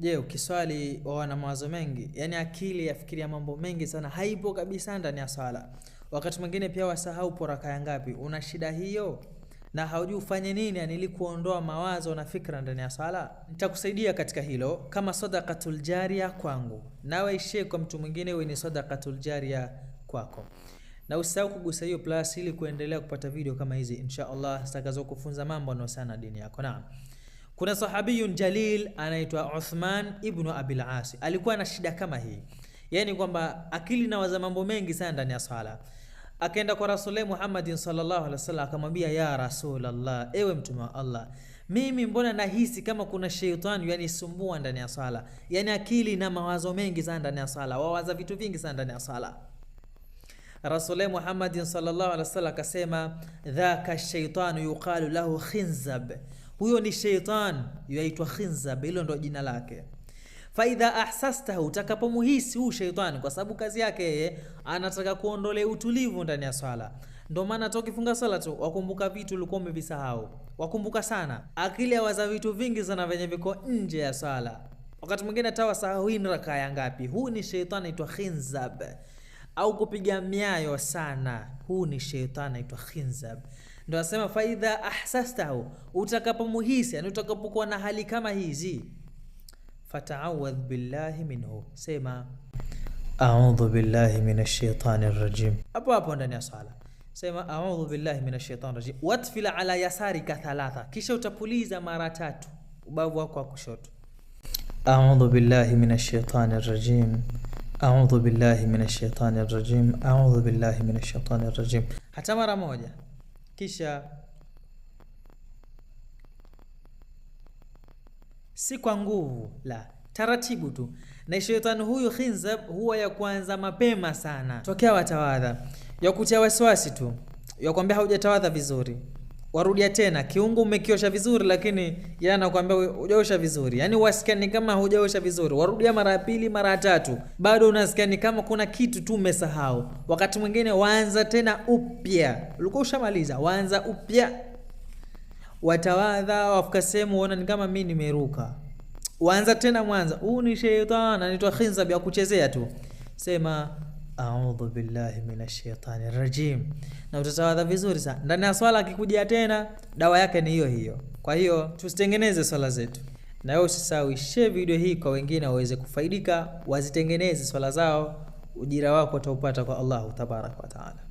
Je, ukiswali wawa na mawazo mengi? Yaani akili yafikiria ya mambo mengi sana, haipo kabisa ndani ya swala. Wakati mwingine pia wasahau upo rakaa ngapi. Una shida hiyo na haujui ufanye nini, yani ili kuondoa mawazo na fikra ndani ya swala. Nitakusaidia katika hilo kama sadaqatul jariya kwangu, nawe ishie kwa mtu mwingine, wewe ni sadaqatul jariya kwako. Na usisahau kugusa hiyo plus ili kuendelea kupata video kama hizi insha Allah zitakazokufunza mambo yanayohusiana na dini yako. Naam. Kuna sahabiyun jalil anaitwa Uthman ibnu Abil As, alikuwa na shida kama hii, yani kwamba akili nawaza mambo mengi sana ndani ya swala. Akaenda kwa Rasuli Muhammad sallallahu alaihi wasallam, akamwambia ya Rasulullah, ewe mtume wa Allah, mimi mbona nahisi kama kuna sheitani yani sumbua ndani ya swala, yani akili na mawazo mengi sana ndani ya swala, wawaza vitu vingi sana ndani ya swala. Rasuli Muhammad sallallahu alaihi wasallam akasema, dhaka shaitanu yuqalu lahu khinzab huyo ni sheitan, yaitwa khinzab, hilo ndo jina lake. Faidha ahsastahu, utakapomuhisi huu sheitan kwa sababu kazi yake yeye anataka kuondolea utulivu ndani ya swala. Ndo maana hata ukifunga swala tu wakumbuka vitu ulikuwa umevisahau, wakumbuka sana. Akili awaza vitu vingi sana vyenye viko nje ya swala, wakati mwingine hata wasahau hii ni rakaa ya ngapi. Huu ni sheitan aitwa khinzab au kupiga miayo sana, huu ni sheitani anaitwa khinzab. Ndo asema faidha ahsastahu, utakapomuhisi yani utakapokuwa na hali kama hizi, fataawadh billahi minhu, sema audhu billahi minash shaitani rajim, hapo hapo ndani ya sala sema audhu billahi minash shaitani rajim, watfil ala yasarika thalatha, kisha utapuliza mara tatu ubavu wako wa kushoto, audhu billahi minash shaitani rajim A'udhu billahi minash shaitani rajim. A'udhu billahi minash shaitani rajim. Hata mara moja, kisha si kwa nguvu, la taratibu tu. Na shetani huyu Khinzab huwa ya kwanza mapema sana tokea watawadha, kutia wasiwasi tu, yakwambia haujatawadha vizuri warudia tena kiungu umekiosha vizuri, lakini yeye anakuambia hujaosha vizuri, yaani wasikia ni kama hujaosha vizuri. Warudia mara ya pili, mara ya tatu, bado unasikia ni kama kuna kitu tu umesahau. Wakati mwingine waanza tena upya, ulikuwa ushamaliza, waanza upya. Watawadha, wafika sehemu uona ni kama mimi nimeruka, waanza tena mwanza Huu ni sheitani, anaitwa khinzab ya kuchezea tu, sema audhu billahi minashaitani rajim, na utasawadha vizuri sana ndani ya swala. Akikuja tena dawa yake ni hiyo hiyo. Kwa hiyo tusitengeneze swala zetu, na wewe usisahau share video hii kwa wengine waweze kufaidika, wazitengeneze swala zao. Ujira wako utaupata kwa Allahu tabaraka wa taala.